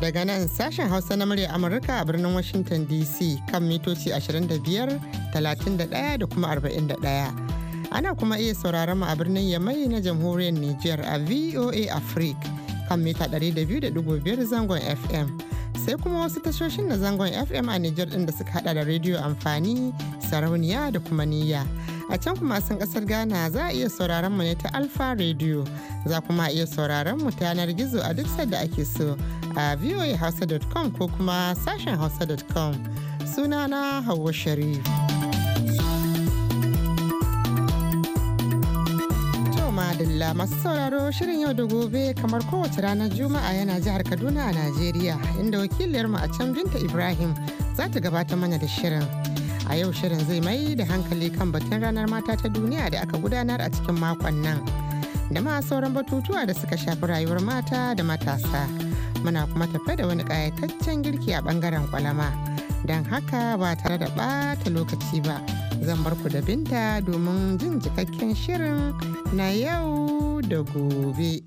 daga nan sashen hausa na murya amurka a birnin washington dc kan mitoci 25 31 da kuma 41 ana kuma iya sauraron mu a birnin yamai na jamhuriyar niger a voa africa kan mita 200.5 zangon fm sai kuma wasu tashoshin na zangon fm a niger din da suka hada da rediyo amfani sarauniya da kuma niyya. A can kuma sun kasar Ghana za a iya sauraron mu ne ta Alfa Radio. Za kuma iya sauraron mu ta yanar gizo a duk sanda ake so a voahausa.com ko kuma sashen hausa.com. Sunana Hauwa Sharif. Madalla masu sauraro shirin yau da gobe kamar kowace ranar Juma'a yana jihar Kaduna a Najeriya inda wakiliyarmu a can Binta Ibrahim za ta gabata mana da shirin. A yau shirin zai mai da hankali kan batun ranar mata ta duniya da aka gudanar a cikin makon nan. Da ma sauran batutuwa da suka shafi rayuwar mata da matasa. Muna kuma tafe da wani kayataccen girki a ɓangaren kwalama. Don haka ba tare da ɓata lokaci ba, zan bar ku da binta domin jin cikakken shirin na yau da gobe.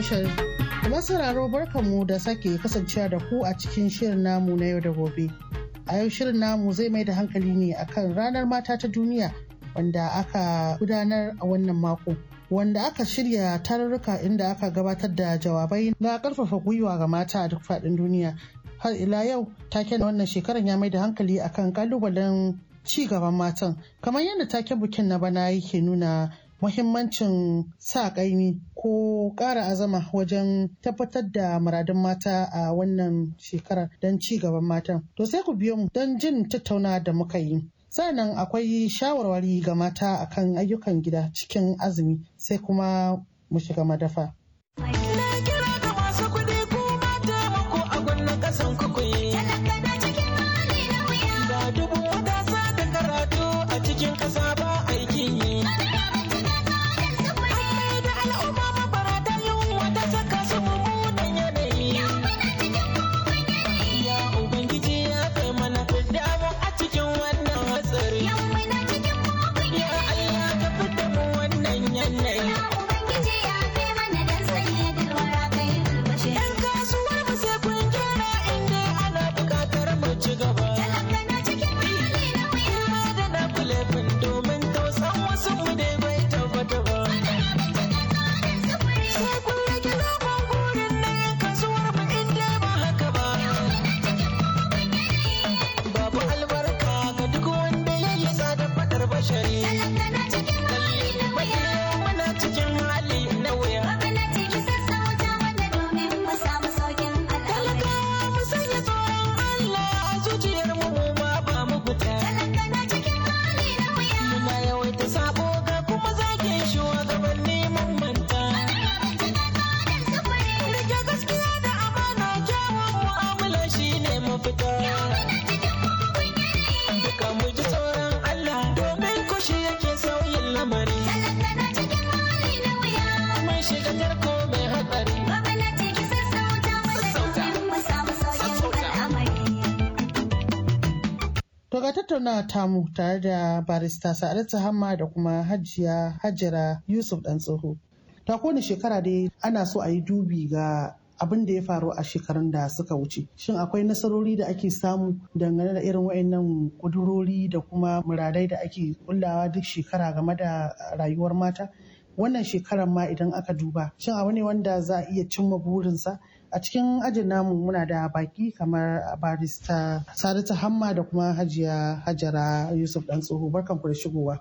Thank you. Masararo barkanmu da sake kasancewa da ku a cikin shirin namu na yau da gobe. A yau shirin namu zai mai da hankali ne akan ranar mata ta duniya wanda aka gudanar a wannan mako. Wanda aka shirya tarurruka inda aka gabatar da jawabai na karfafa gwiwa ga mata a duk faɗin duniya. Har ila yau taken wannan shekaran ya mai da hankali akan kalubalen ci gaban matan kamar yadda take bukin na bana yake nuna muhimmancin sa ƙaimi ko ƙara azama wajen tabbatar da muradun mata a wannan shekarar don ci gaban matan. To sai ku biyo mu don jin tattauna da muka yi. sannan akwai shawarwari ga mata akan ayyukan gida cikin azumi sai kuma mu shiga madafa. ya tattauna tamu tare da barista sa'adatu hamma da kuma hajiya hajara yusuf dan tsoho ta kowane shekara dai ana so a yi dubi ga abin da ya faru a shekarun da suka wuce shin akwai nasarori da ake samu dangane da irin wayannan kudurori da kuma muradai da ake kullawa duk shekara game da rayuwar mata wannan shekarar ma idan aka duba shin abu ne wanda za a iya cimma burinsa A cikin ajin namu muna da baki kamar barista Saratu Hamma da kuma Hajiya Hajara Yusuf Dan Tsoho. Barkan ku da shigowa.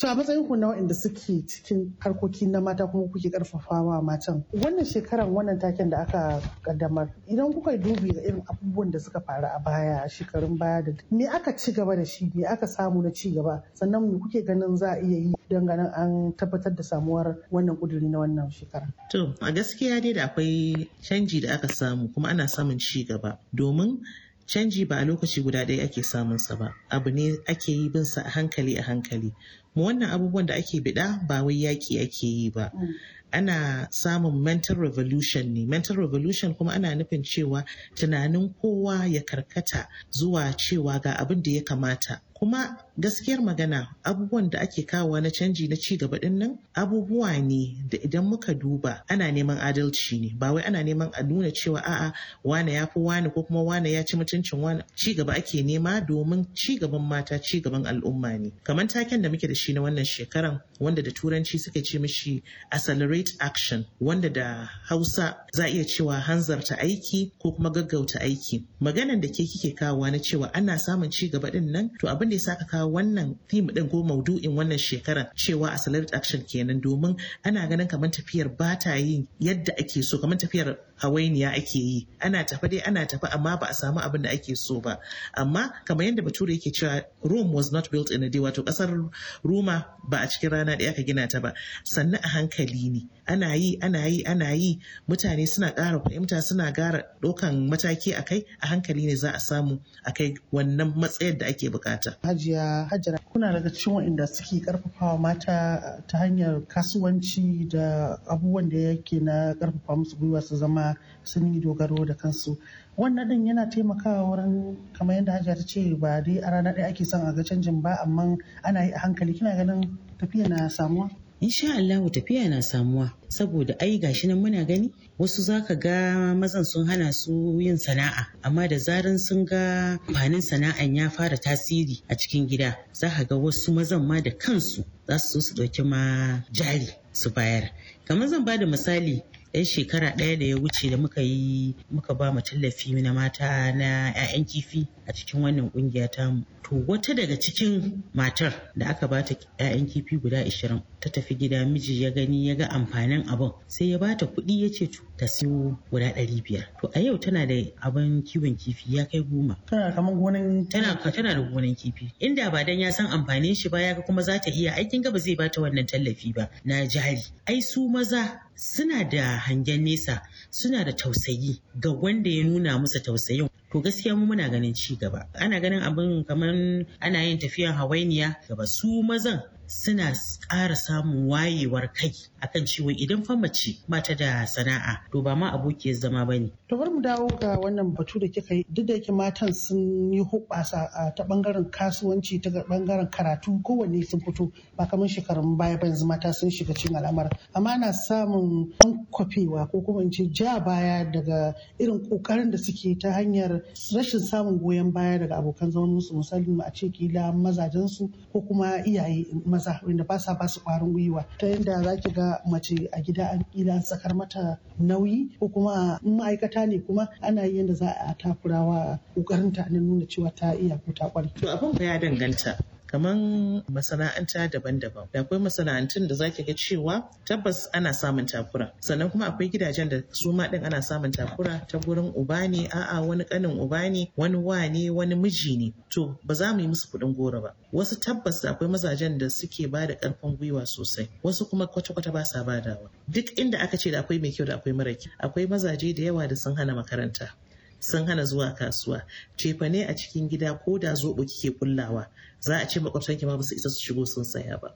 To a matsayin ku na waɗanda suke cikin harkoki na mata kuma kuke karfafa wa matan. Wannan shekaran wannan taken da aka kaddamar idan kuka dubi da irin abubuwan da suka faru a baya a shekarun baya da me aka ci gaba da shi me aka samu na ci gaba sannan me kuke ganin za a iya yi don ganin an tabbatar da samuwar wannan kuduri na wannan shekara. To, a gaskiya dai da akwai canji da aka samu kuma ana samun ci gaba domin canji ba a lokaci guda ɗaya ake samun sa ba abu ne ake yi bin sa a hankali a hankali mu wannan abubuwan da ake biɗa ba wai yaƙi ake yi ba mm. ana samun mental revolution ne mental revolution kuma ana nufin cewa tunanin kowa ya karkata zuwa cewa ga abin da ya kamata kuma gaskiyar magana abubuwan da ake kawo na canji na ci gaba din abubuwa ne da idan muka duba ana neman adalci ne ba wai ana neman a nuna cewa a'a wane ya fi wane ko kuma wane ya ci mutuncin wane ci gaba ake nema domin ci gaban mata ci gaban al'umma ne kamar taken da muke da shi na wannan shekaran wanda da turanci suka ce mishi accelerate action wanda da hausa za iya cewa hanzarta aiki ko kuma gaggauta aiki maganan da ke kike kawowa na cewa ana samun ci gaba din to abin abin da yasa kawo wannan theme din ko maudu'in wannan shekarar cewa accelerated action kenan domin ana ganin kamar tafiyar ba ta yin yadda ake so kamar tafiyar hawainiya ake yi ana tafa dai ana tafa amma ba a samu abin da ake so ba amma kamar yadda bature yake cewa Rome was not built in a day wato kasar Roma ba a cikin rana ɗaya ka gina ta ba sannan a hankali ne ana yi ana yi ana yi mutane suna kara fahimta suna gara ɗaukan mataki a kai a hankali ne za a samu a kai wannan matsayar da ake bukata. Hajiya hajjara kuna daga cikin waɗanda suke karfafawa mata ta hanyar kasuwanci da abubuwan da yake na karfafa musu gwiwa su zama sun yi dogaro da kansu wannan din yana taimakawa wurin kamar yadda hajiya ta ce ba dai a rana ɗaya ake son a ga canjin ba amma ana yi a hankali kina ganin tafiya na samuwa insha Allah tafiya na samuwa saboda ai gashi nan muna gani wasu zaka ga mazan sun hana su yin sana'a amma da zaran sun ga amfanin sana'an ya fara tasiri a cikin gida zaka ga wasu mazan ma da kansu za su so su ɗauki ma jari su bayar kamar zan ba da misali yan shekara ɗaya da ya wuce da muka yi muka ba mu tallafi na mata na 'ya'yan kifi a cikin wannan ƙungiya ta mu to wata daga cikin matar da aka ba ta 'ya'yan kifi guda 20 ta tafi gida miji ya gani ya ga amfanin abin sai ya ba ta kuɗi ya ce ta siyo guda biyar. to a yau tana da abin kiwon kifi ya kai goma tana kamar gonan tana tana da gonan kifi inda ba dan ya san amfanin shi ba ya ga kuma za ta iya aikin gaba zai ba ta wannan tallafi ba na jari ai su maza suna da hangen nesa suna da tausayi ga wanda ya nuna musu tausayin to gaskiya mu muna ganin ci gaba ana ganin abin kamar ana yin tafiyan hawainiya gaba su mazan suna ƙara samun wayewar kai a kan ciwon idan fa mace ba ta da sana'a to ba ma abokiyar zama bane to bari mu dawo ga wannan batu da kika yi duk da yake matan sun yi hubbasa ta bangaren kasuwanci ta bangaren karatu kowanne sun fito ba kamar shekarun baya ba yanzu mata sun shiga cikin al'amar amma na samun kwafewa ko kuma in ce ja baya daga irin kokarin da suke ta hanyar rashin samun goyon baya daga abokan zaman musu misali a ce kila mazajensu ko kuma iyaye maza wanda ba sa ba su gwiwa ta yadda za ki ga mace a gida an kila an sakar mata nauyi ko kuma ma'aikata ne kuma ana yi yadda za a takurawa ƙoƙarinta na nuna cewa ta iya ko ta ƙware. To abin ya danganta kamar masana'anta daban-daban da akwai masana'antun da zaki ga cewa tabbas ana samun takura sannan kuma akwai gidajen da su ma din ana samun takura ta gurin uba ne a'a wani kanin uba ne wani wane wani miji ne to ba za mu yi musu kuɗin goro ba wasu tabbas akwai mazajen da suke ba da karfin gwiwa sosai wasu kuma kwata-kwata ba sa badawa duk inda aka ce da akwai mai kyau da akwai mara kyau akwai mazaje da yawa da sun hana makaranta sun hana zuwa kasuwa cefane a cikin gida ko da zoɓo kike kullawa za a ce makwabtanki ma su isa su shigo sun saya ba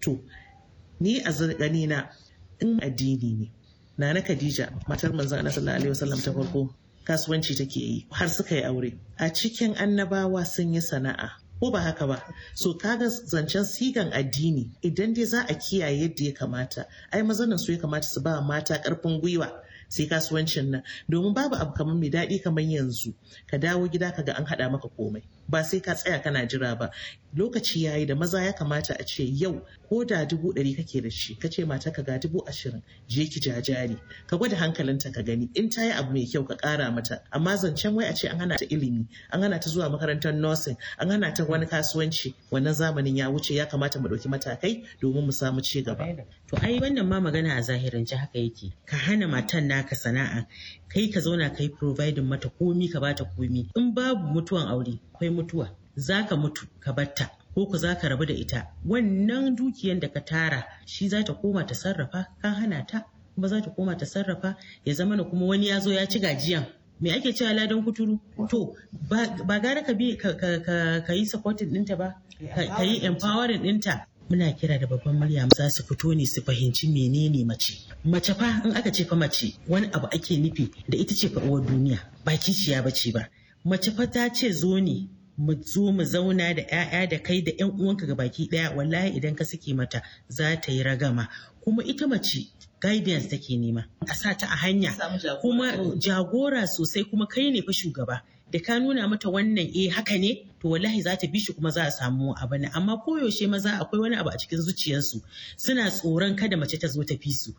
to ni a zargani na in addini ne nana Khadija matar manzon Allah sallallahu alaihi ta farko kasuwanci take yi har suka yi aure a cikin annabawa sun yi sana'a ko ba haka ba so ka ga zancen sigan addini idan dai za a kiyaye yadda ya kamata ai mazanin su ya kamata su ba mata karfin gwiwa sai kasuwancin nan domin babu abu kamar mai daɗi kamar yanzu ka dawo gida ka ga an haɗa maka komai ba sai ka tsaya kana jira ba lokaci ya yi da maza ya kamata a ce yau ko da dubu ɗari kake da shi ka ce mata ka ga dubu ashirin je ki jajari ka gwada hankalinta ka gani in ta yi abu mai kyau ka ƙara mata amma zancen wai a ce an hana ta ilimi an hana ta zuwa makarantar nursing an hana ta wani kasuwanci wannan zamanin ya wuce ya kamata mu ɗauki matakai domin mu samu ci gaba. To ai wannan ma magana a zahirance haka yake ka hana matan naka sana'a kai ka zauna kai providing mata komi ka bata komi in babu mutuwan aure akwai mutuwa za ka mutu ka batta ko ku za ka rabu da ita wannan dukiyan da ka tara shi za ta koma ta sarrafa ka hana ta kuma za ta koma ta sarrafa ya zama na kuma wani ya zo ya ci gajiyan me ake cewa ladan kuturu to ba gara ka bi ka yi supporting ɗinta ba ka yi empowering ɗinta muna kira da babban murya za su fito ne su fahimci menene mace mace fa in aka ce fa mace wani abu ake nufi da ita ce fa uwar duniya ba kiciya bace ba mace fa ta ce zo ne mu zo mu zauna da 'ya'ya da kai da 'yan uwanka ga baki ɗaya? wallahi idan ka sake mata za ta yi ragama kuma ita mace guidance take nema a sa ta a hanya kuma jagora sosai kuma kai ne fa shugaba da ka nuna mata wannan eh haka ne to wallahi za ta bi shi kuma za a samu abu ne amma koyaushe maza akwai wani abu a cikin zuciyarsu suna tsoron kada mace ta zo ta fi su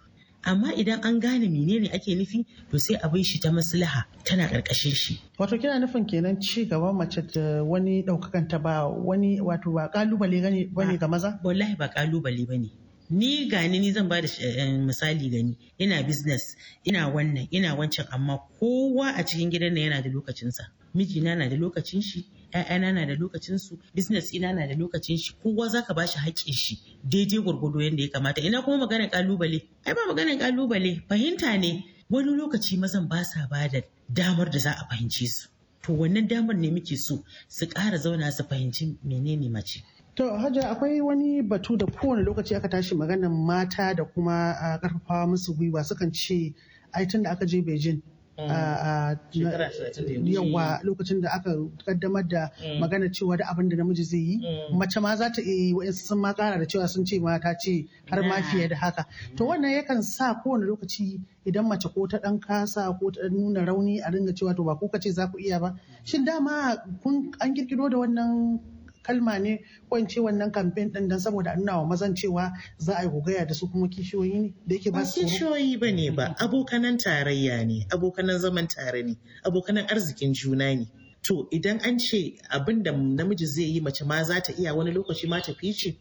amma idan an gane menene ake nufi to sai a abin shi ta maslaha tana karkashin shi wato kina nufin kenan ci gaba mace da wani daukakan ta ba wani wato ba kalubale bane ga maza wallahi ba kalubale bane ni gani ni zan bada eh, misali gani ina business ina wannan ina wancan amma kowa a cikin gidan yana da lokacinsa mijina na da lokacin shi ƴaƴana na da lokacin su business ina na da lokacin shi kowa zaka bashi haƙƙin shi daidai gwargwado yanda ya kamata ina kuma maganar kalubale ai ba maganar kalubale fahimta ne wani lokaci mazan ba sa ba da damar da za a fahimce su to wannan damar ne muke so su ƙara zauna su fahimci menene mace To haja akwai wani batu da kowane lokaci aka tashi maganar mata da kuma karfafa musu gwiwa sukan ce ai tun da aka je Beijing a mm. yawa lokacin da aka kaddamar da mm. magana cewa da abin da namiji zai yi mm. mace ma za ta yi wa sun ma kara da cewa sun ce ma ta ce har ma fiye da haka to wannan yakan sa kowane lokaci idan mace ko ta dan kasa ko ta nuna rauni a ringa cewa to ba ku ce za ku iya ba shin dama kun an kirkiro da wannan kalma ne ko in ce wannan kamfen din dan saboda an wa mazan cewa za a yi gogaya da su kuma kishiyoyi ne da yake ba su kishiyoyi ba ne ba abokanan tarayya ne abokanan zaman tare ne abokanan arzikin juna ne to idan an ce abin da namiji zai yi mace ma za ta iya wani lokaci ma ta fice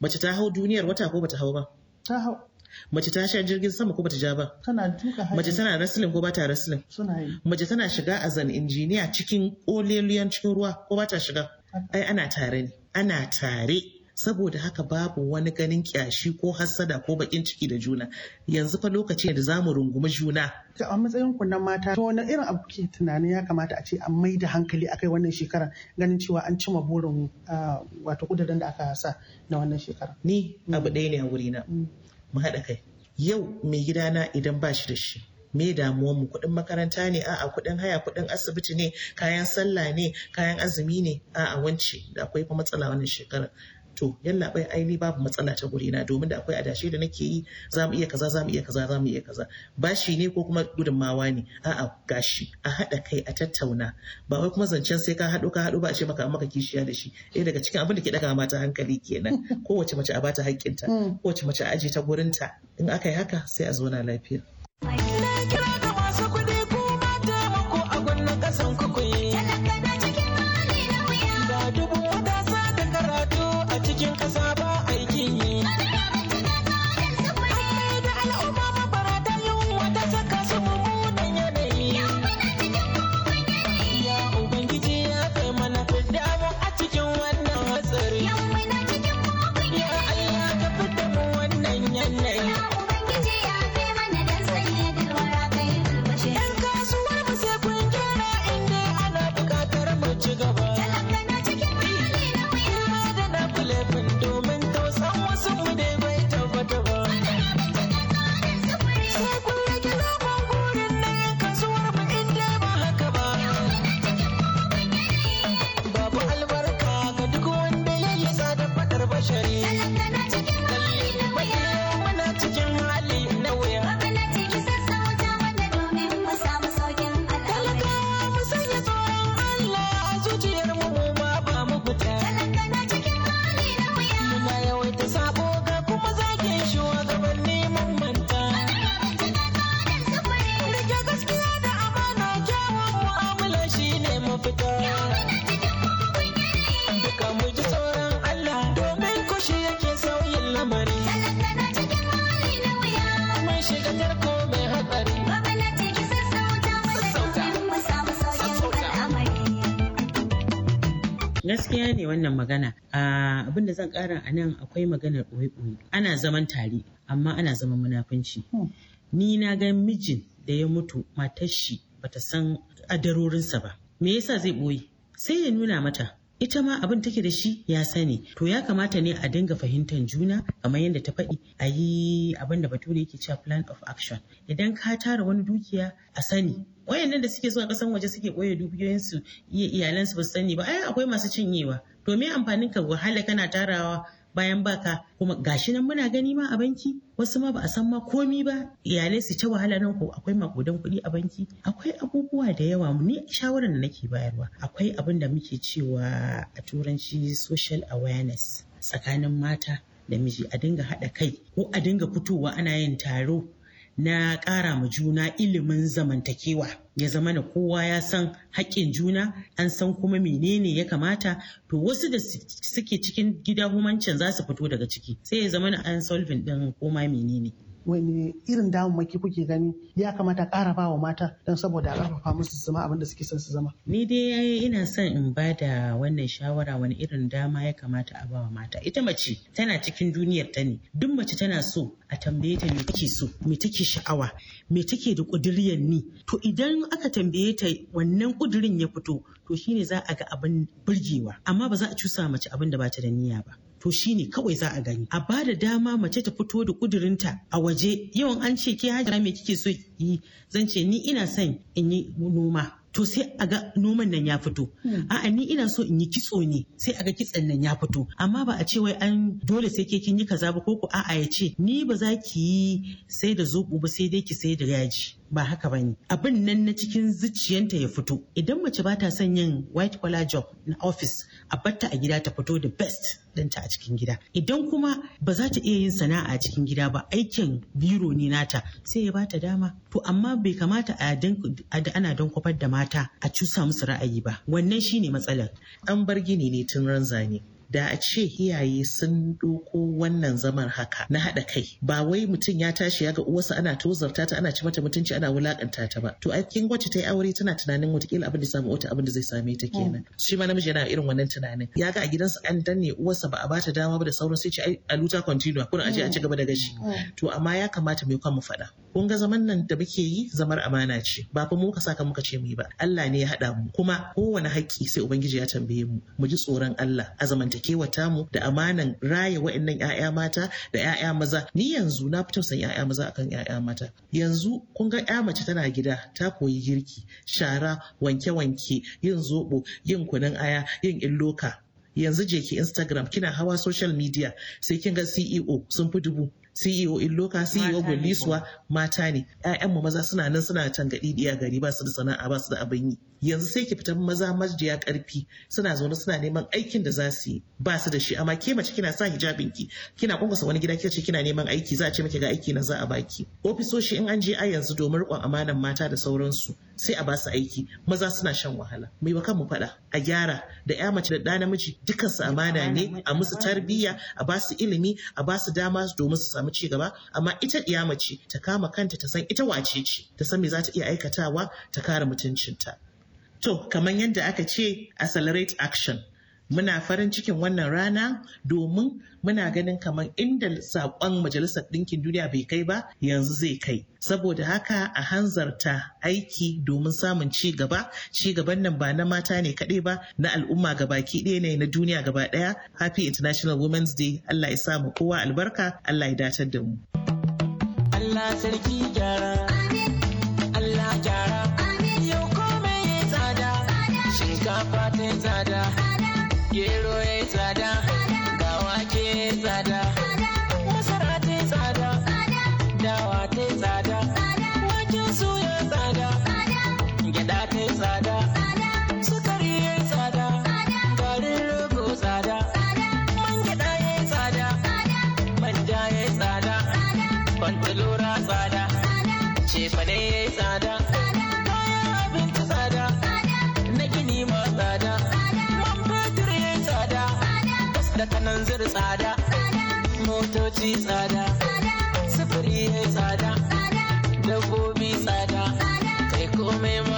mace ta hau duniyar wata ko bata hau ba ta hau mace ta sha jirgin sama ko bata ja ba tana duka mace tana wrestling ko bata wrestling suna yi mace tana shiga a zan injiniya cikin oleliyan cikin ruwa ko bata shiga ai ana tare ne ana tare saboda haka babu wani ganin kyashi ko hassada ko bakin ciki da juna yanzu fa lokaci da za mu rungumi juna a matsayin ku na mata to wani irin abu ke tunanin ya kamata a ce an mai da hankali akai wannan shekara ganin cewa an cima burin wato kudaden da aka sa na wannan shekara ni abu ɗaya ne a wurina mm. mu haɗa kai yau mai gidana idan ba shi da shi me damuwan mu kuɗin makaranta ne a'a kuɗin haya kuɗin asibiti ne kayan sallah ne kayan azumi ne a'a wance da akwai fa matsala wannan shekarar to yalla bai aini babu matsala ta guri na domin da akwai adashi da nake yi za mu iya kaza za iya kaza za iya kaza bashi ne ko kuma gudunmawa ne a'a gashi a haɗa kai a tattauna ba wai kuma zancen sai ka haɗo ka hado ba a ce maka maka kishiya da shi eh daga cikin abin da ke daga mata hankali kenan kowace mace a bata hakkinta mm. kowace mace a aje ta gurin ta in aka yi haka sai a zo na lafiya Like, magana ah, abin da zan kara a nan akwai maganar ɓoye-ɓoye ana zaman tare amma ana zaman munafunci hmm. ni na ga mijin da ya mutu matar shi bata san adarorinsa ba me yasa zai ɓoye sai ya nuna mata ita ma abin take da shi ya sani to ya kamata ne a dinga fahimtar juna kamar yadda ta faɗi a yi abin da bature yake cewa plan of action idan ka tara wani dukiya a sani wayannan da suke zuwa kasan waje suke ɓoye dukiyoyinsu iya iyalansu ba su sani ba ai akwai masu cinyewa to me amfanin ka wahala kana tarawa bayan baka kuma gashi nan muna gani ma a banki wasu ma ba a san ma komi ba iyalai su ci wahala nan ko akwai makudan kuɗi a banki akwai abubuwa da yawa ni shawaran da nake bayarwa akwai abin da muke cewa a turanci social awareness tsakanin mata da miji a dinga haɗa kai ko a dinga fitowa ana yin taro na ƙara ma juna ilimin zamantakewa ya zama na kowa ya san haƙƙin juna an san kuma menene ya kamata to wasu da suke cikin gida humancin za su fito daga ciki sai ya zama na an solving ɗin koma menene wani irin damammaki kuke gani ya kamata ƙara ba wa mata don saboda a ƙarfafa musu zama abin da suke son su zama. Ni dai ina son in ba da wannan shawara wani irin dama ya kamata a ba wa mata. Ita mace tana cikin duniyar ta ne. Duk mace tana so a tambaye ta me take so, me take sha'awa, me take da ƙudiriyar ni. To idan aka tambaye ta wannan ƙudirin ya fito to shine za a ga abin burgewa amma ba za a cusa mace abin da ba ta da niyya ba to shine kawai za a gani a bada dama mace ta fito da kudurinta a waje yawan an ce ke hajara me kike so yi zan ce ni ina son in yi noma to sai a ga noman nan ya fito hmm. a'a ni ina so in yi kitso ne sai a ga kitson nan ya fito amma ba a ce wai an dole sai ke kin yi kaza ba ko ku a'a ya ce ni ba za ki yi sai da zobo ba sai dai ki sai da yaji ba haka bane abin nan na cikin zuciyanta ya fito idan mace ba ta son yin white collar job na office a batta a gida ta fito the best ɗanta a cikin gida idan kuma ba za ta iya yin sana'a a cikin gida ba aikin biro ne nata sai ya bata dama to amma bai kamata a ana don kwafar da mata a cusa musu ra'ayi ba wannan shine matsalar an bar gini ne tun ran zane da a ce iyaye sun doko wannan zaman haka na haɗa kai ba wai mutum ya tashi ya ga uwarsa ana tozarta ta ana ci mata mutunci ana wulakanta ta ba to a kin wacce ta yi aure tana tunanin watakila abin da samu wata abin da zai same ta kenan mm. shi ma namiji yana irin wannan tunanin ya ga a gidansa an danne uwarsa ba a bata dama ba da sauran sai ce ai luta continue kuna aje a ci gaba da gashi mm. to amma ya kamata me kwan mu faɗa kun ga zaman nan da muke yi zamar amana ce ba fa mu ka saka muka ce mu ba Allah ne ya haɗa mu kuma kowane hakki sai ubangiji ya tambaye mu mu ji tsoron Allah a zamantakewata mu da amanan raya wa'annan ƴaƴa mata da ƴaƴa maza ni yanzu na fi san ƴaƴa maza akan ƴaƴa mata yanzu kun ga ƴa mace tana gida ta koyi girki shara wanke-wanke yin zoɓo yin kunun aya yin illoka yanzu je ki Instagram kina hawa social media sai kin ga CEO sun fi dubu CEO in loka CEO Gulliswa mata ne. ‘Ya'yan maza suna nan suna tangaɗi diya gari ba su da sana'a ba su da abin yi. yanzu sai ki fita maza majiya karfi suna zaune suna neman aikin da za su yi ba su da shi amma ke mace kina sa hijabin ki kina kunkusa wani gida kika ce kina neman aiki za a ce miki ga aiki na za a baki ofisoshi in an je a yanzu domin riƙon amanan mata da sauransu sai a ba su aiki maza suna shan wahala mu yi wa kanmu faɗa a gyara da ya mace da ɗa namiji dukansu amana ne a musu tarbiyya a ba su ilimi a ba su dama domin su samu ci gaba amma ita ɗiya mace ta kama kanta ta san ita wace ce ta san me za ta iya aikatawa ta kare mutuncinta To, kamar yadda aka ce accelerate action. Muna farin cikin wannan rana domin muna ganin kamar inda saƙon Majalisar Ɗinkin Duniya bai kai ba yanzu zai kai. Saboda haka a hanzarta aiki domin samun ci gaba, ci gaban nan ba na mata ne kaɗai ba na al'umma baki ɗaya ne na duniya gaba ɗaya. Happy International Women's Day, Allah ya samu kowa albarka, Allah ya datar da mu. Allah sarki gyara, Allah gyara. tsada gero ya yi tsada kanan zir tsada motoci tsada sufuri ya tsada dabbobi tsada kai komai ma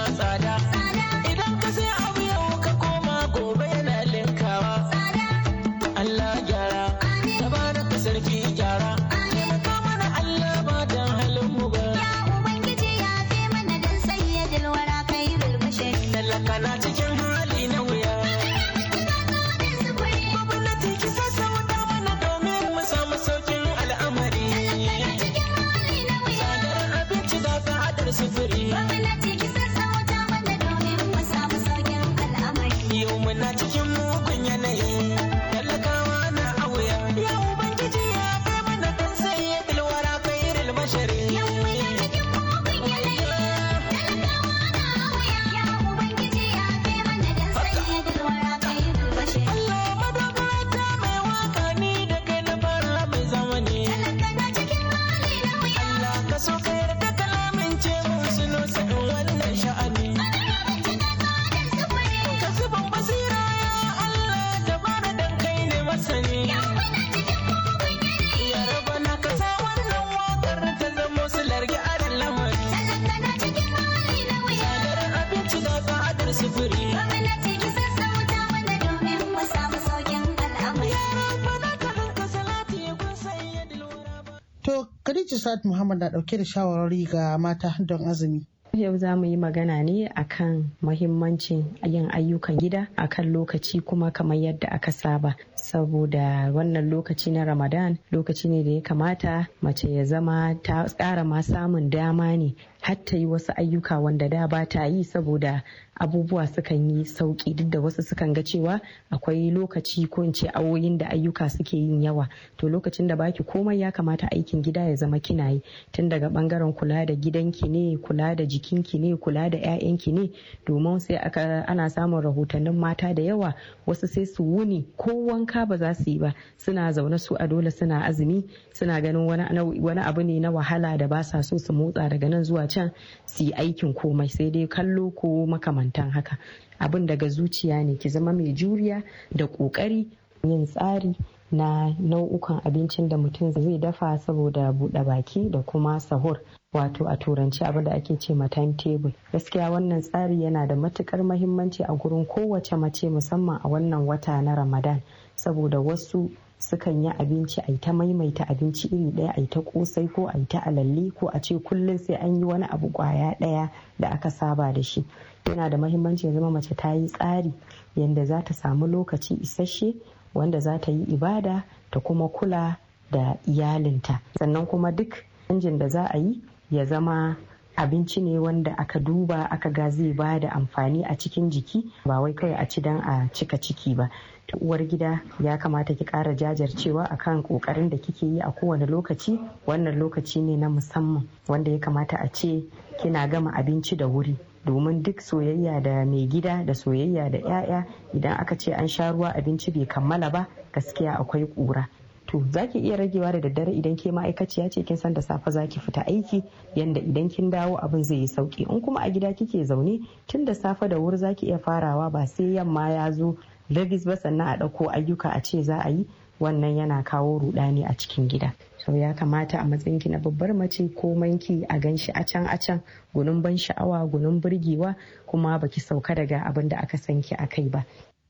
Sa'ad Muhammad na ɗauke da shawarwari ga mata don azumi. Yau za mu yi magana ne akan mahimmancin yin ayyukan gida akan lokaci kuma kamar yadda aka saba saboda wannan lokaci na Ramadan lokaci ne da ya kamata mace ya zama ta ƙara ma samun dama ne har ta yi wasu ayyuka wanda da ba ta yi saboda abubuwa sukan yi sauki duk da wasu sukan ga cewa akwai lokaci ko ce awoyin da ayyuka suke yin yawa to lokacin da baki komai ya kamata aikin gida ya zama kina yi tun daga bangaren kula da gidanki ne kula da jikinki ne kula da ƴaƴanki ne domin sai ana samun rahotannin mata da yawa wasu sai su wuni ko wanka ba za su yi ba suna zaune su a dole suna azumi suna ganin wani abu ne na wahala da ba sa so su motsa daga nan zuwa can su yi aikin komai sai dai kallo ko makamantan haka abin daga zuciya ne ki zama mai juriya da ƙoƙari yin tsari na nau'ukan abincin da mutum zai dafa saboda buɗe baki da kuma sahur wato a turanci abin da ake ce ma timetable gaskiya wannan tsari yana da matukar mahimmanci a gurin kowace mace musamman a wannan wata na ramadan saboda wasu sukan yi abinci a ta maimaita abinci iri ɗaya a ta kosai ko a ta alalli ko a ce kullum sai an yi wani abu ƙwaya ɗaya da aka saba da shi yana da mahimmanci ya zama mace ta yi tsari yadda za ta samu lokaci isasshe wanda za ta yi ibada ta kuma kula da iyalinta sannan kuma duk canjin da za a yi ya zama abinci ne wanda aka duba aka ga zai ba da amfani a cikin jiki ba wai kawai a ci dan a cika ciki ba ta uwar gida ya kamata ki ƙara jajircewa kan ƙoƙarin da kike yi a kowane lokaci wannan lokaci ne na musamman wanda ya kamata a ce kina gama abinci da wuri domin duk soyayya da mai gida da soyayya da 'ya'ya idan aka ce an sha ruwa abinci bai kammala ba gaskiya akwai ƙura to zaki iya ragewa da daddare idan ke ma'aikaciya ce kin san da safe zaki fita aiki yanda idan kin dawo abin zai yi sauki in kuma a gida kike zaune tun da safe da wuri zaki iya farawa ba sai yamma ya zo ragis ba sannan a ɗauko ayyuka a ce za a yi wannan yana kawo rudani a cikin gida sau ya kamata a matsayinki na babbar mace ko manki a gan shi a can a can gunun ban sha'awa gunun burgewa kuma baki sauka daga abin da aka san ki a kai ba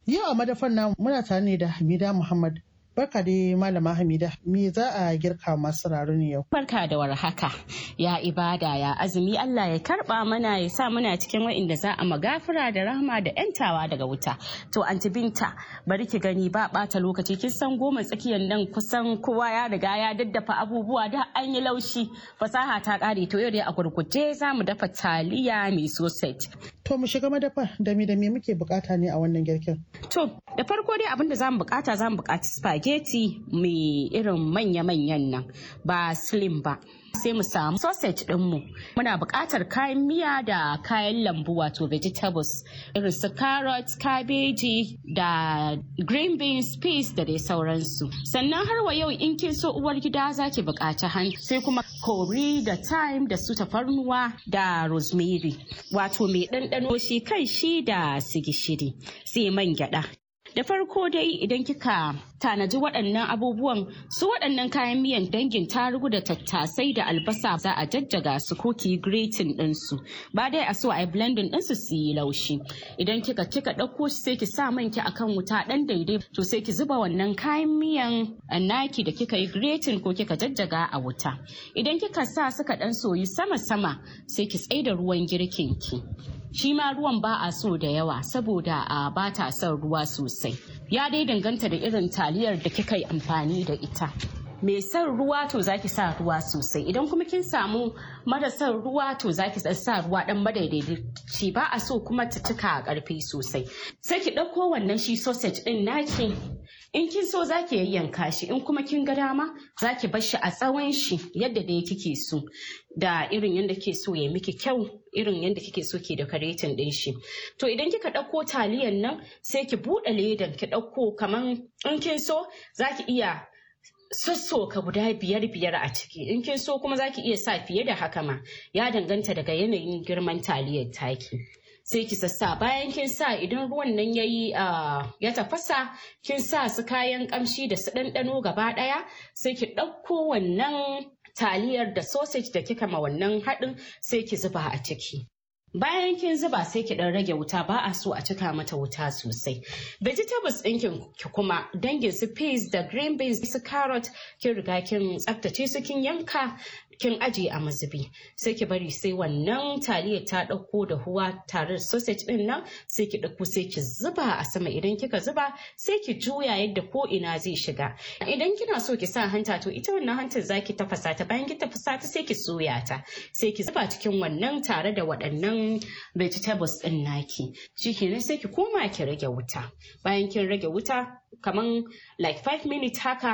yau a madafan namu muna tare ne da hamida muhammad Barka da Malama Hamida, me za a girka masu raro yau? Barka da warhaka, ya ibada ya azumi Allah ya karba mana ya sa muna cikin wa'inda za a magafira da rahama da yantawa daga wuta. To anti binta bari ki gani ba bata lokaci kin san goma tsakiyar nan kusan kowa ya riga ya daddafa abubuwa da an yi laushi fasaha ta ƙare to yau dai a gurguje za mu dafa taliya mai sosai. To mu shiga madafa da me da me muke bukata ne a wannan girkin? To da farko dai abin da zamu bukata za mu bukaci spaghetti mai irin manya-manyan nan ba slim ba. sai mu samu sausage mu. muna buƙatar kayan miya da kayan lambu wato vegetables irin su carrots cabbage da green beans peas da dai sauransu sannan har wa yau in kin so uwar gida za ki buƙaci hantu sai kuma kori da thyme da su tafarnuwa da rosemary wato mai ɗanɗano shi kan shi da su gishiri sai man gyaɗa da farko dai idan kika tanaji waɗannan abubuwan su waɗannan kayan miyan dangin tarugu da tattasai da albasa za a jajjaga su ko ki grating ɗinsu ba dai a so a yi blending ɗinsu su yi laushi idan kika kika ɗauko shi sai ki sa manki ki akan wuta ɗan daidai to sai ki zuba wannan kayan miyan eh, naki da kika yi gratin ko kika jajjaga a wuta idan kika sa suka ɗan soyi sama sama sai ki tsaida ruwan girkin ki shi ma ruwan ba a so da yawa saboda a ah, ba ta son ruwa sosai sosai ya dai danganta da irin taliyar da kika yi amfani da ita mai san ruwa to zaki sa ruwa sosai idan kuma kin samu mara son ruwa to zaki sa ruwa dan madaidaici ba a so kuma ta cika a karfi sosai sai ki dauko wannan shi sausage din naki in kin so zaki yayyanka shi in kuma kin ga dama zaki bar shi a tsawon shi yadda ya kike so da irin yadda kike so ya miki kyau irin yadda kike so ke decorating din shi to idan kika dauko taliyan nan sai ki buɗe ledan ki dauko kaman in kin so zaki iya sassoka guda biyar biyar a ciki in kin so kuma za ki iya sa fiye da haka ma ya danganta daga yanayin girman taliyar taki sai ki sassa bayan kin sa idan ruwan nan yayi ya tafasa kin sa su kayan kamshi da su ɗanɗano gaba ɗaya sai ki ɗauko wannan taliyar da sausage da kika ma wannan haɗin sai ki zuba a ciki Bayan kin zuba sai ki dan rage wuta ba a so a cika mata wuta sosai. Vegetables ɗinkin ki kuma dangin su peas da green beans su carrot kin riga kin tsaftace su kin yanka kin ajiye a mazubi. Sai ki bari sai wannan taliyar ta ɗauko da huwa tare sausage ɗin nan sai ki ɗauko sai ki zuba a sama idan kika zuba sai ki juya yadda ko ina zai shiga. Idan kina so ki sa hanta to ita wannan hantar zaki tafasa ta bayan ki tafasa ta sai ki soya ta sai ki zuba cikin wannan tare da waɗannan cikin vegetables din naki shikenan sai ki koma ki rage wuta bayan kin rage wuta kaman like 5 minutes haka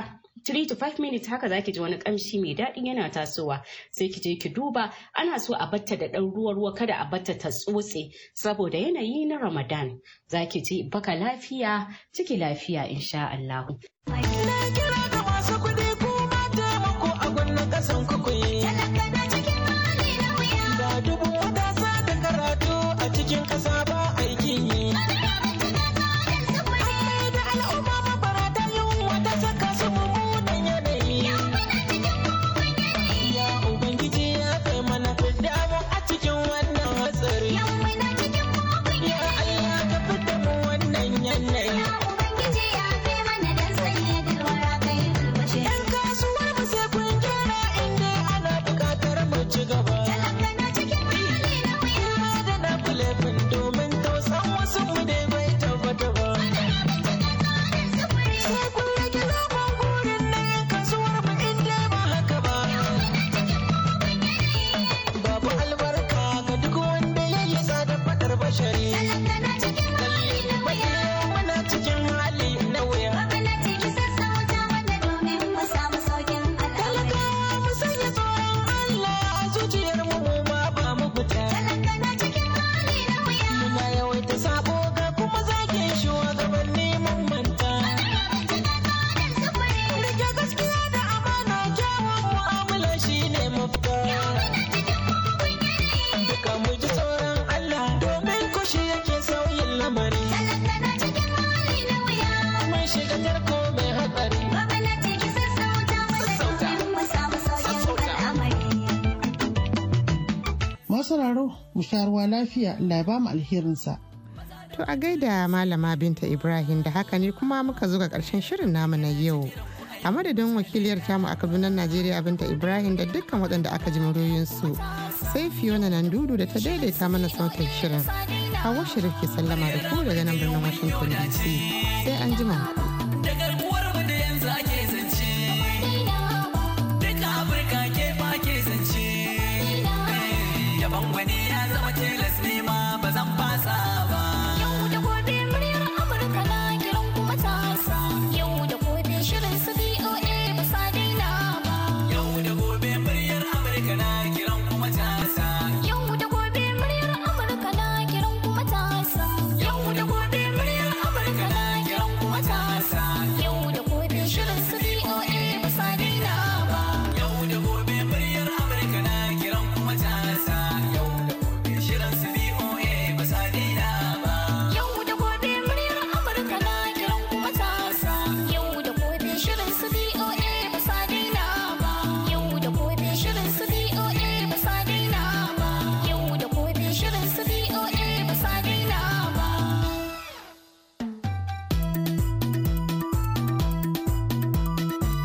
3 to 5 minutes haka zaki ji wani kamshi mai daɗi yana tasowa sai ki je ki duba ana so a batta da ɗan ruwa ruwa kada a batta ta tsotse saboda yanayi na Ramadan zaki ji baka lafiya ciki lafiya insha Allah. sha lafiya Allah ya mu alherinsa. To a gaida malama Binta Ibrahim da haka ne kuma muka zo ga karshen shirin namu na yau. A madadin wakiliyar tamu a kadunan Najeriya Binta Ibrahim da dukkan waɗanda aka ji muryoyinsu sai Fiona dudu da ta daidaita mana sautin shirin. Hawa shirin ke sallama da ku daga nan birnin Washington DC sai an jima.